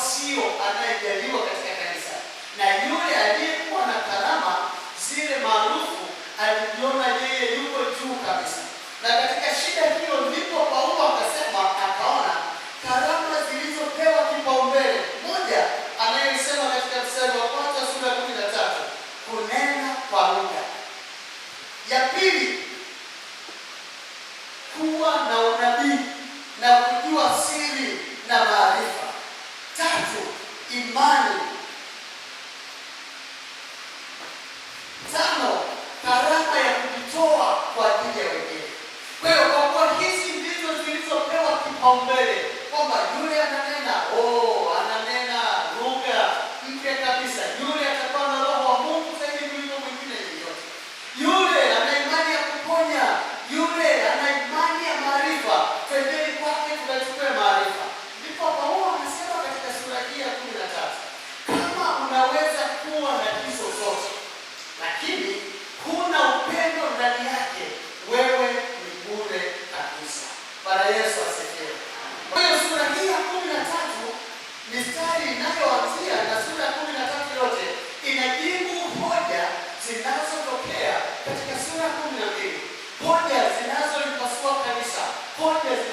sio anayejaliwa katika kanisa, na yule aliyekuwa na karama zile maarufu alijiona yeye yuko juu kabisa na kipaumbele kwamba yule ananena, oh, ananena lugha mpya kabisa, yule atakuwa na roho wa Mungu zaidi kuliko mwingine yeyote, yule ana imani ya kuponya, yule ana imani ya maarifa, pembeni kwake tunachukua maarifa. Ndipo Paulo anasema katika sura hii ya kumi na tatu kama unaweza kuwa na hizo zote lakini kuna upendo ndani yake, wewe ni bure kabisa. Bwana Yesu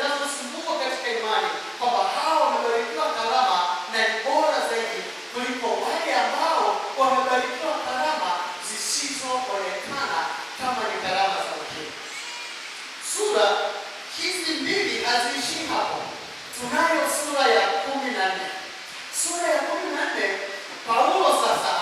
zinazosumbuka katika imani kwamba hawa wamebarikiwa karama na ni bora zaidi kuliko wale ambao wamebarikiwa karama zisizoonekana kama ni karama za ukimwi. Sura hizi mbili haziishi hapo. Tunayo sura ya kumi na nne. Sura ya kumi na nne Paulo sasa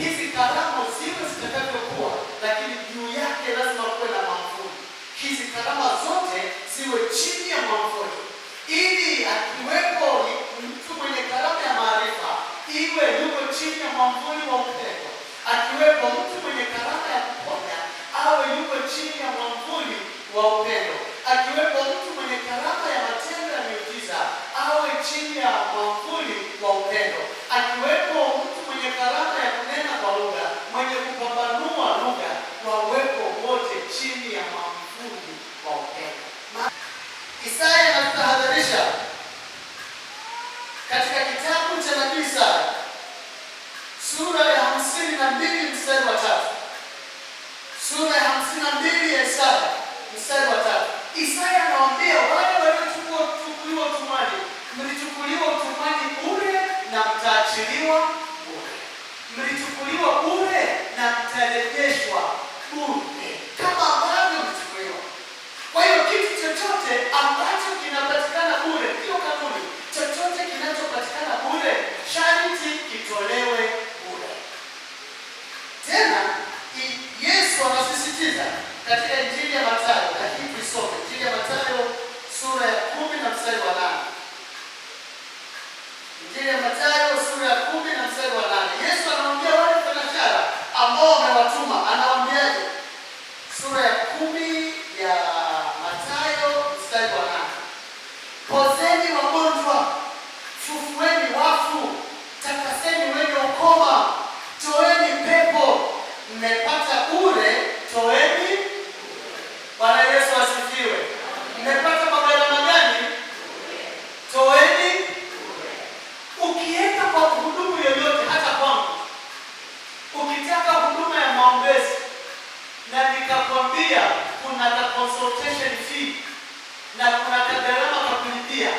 hizi karama ziwe zitakavyokuwa, lakini juu yake lazima kuwe na mwamvuli. Hizi karama zote ziwe chini ya mwamvuli, ili akiwepo mtu mwenye karama ya maarifa iwe yuko chini ya mwamvuli wa hamsini na mbili mstari wa tatu sura ya hamsini na mbili ya Isaya mstari wa tatu Isaya anawaambia wale waliochukuliwa utumwani, mlichukuliwa utumwani bure na mtaachiliwa kuna ta consultation fee na kuna ta gharama kwa kulipia,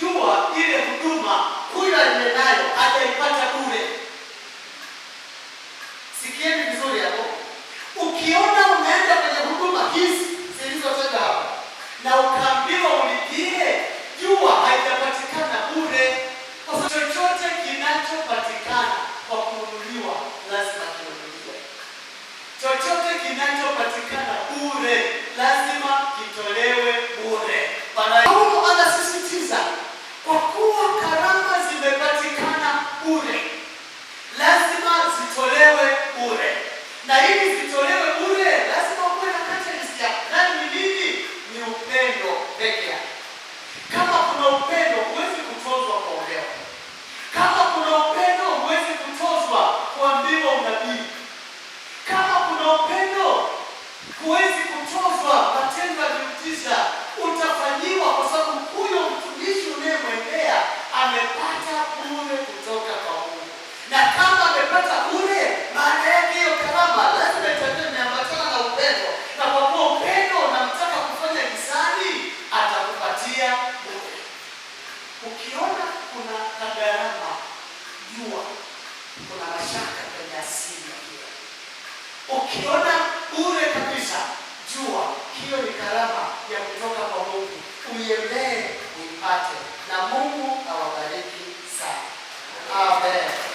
jua ile huduma huyo aliyenayo ataipata bure. bure, na ili zitolewe bure lazima kuwe na catalyst ya ndani. Ni nini? Ni upendo peke yake. Kama kuna upendo, huwezi kutozwa kuolewa. Kama kuna upendo, huwezi kutozwa kuambiwa unabii. Kama kuna upendo, huwezi kutozwa matendo ya kutisha. Utafanyiwa kwa sababu huyo mtumishi unayemwendea amepata bure kutoka shaka kwenye asili hiyo. Ukiona bure kabisa, jua hiyo ni karama ya kutoka kwa Mungu, uiendee uipate, na Mungu awabariki sana. Amen.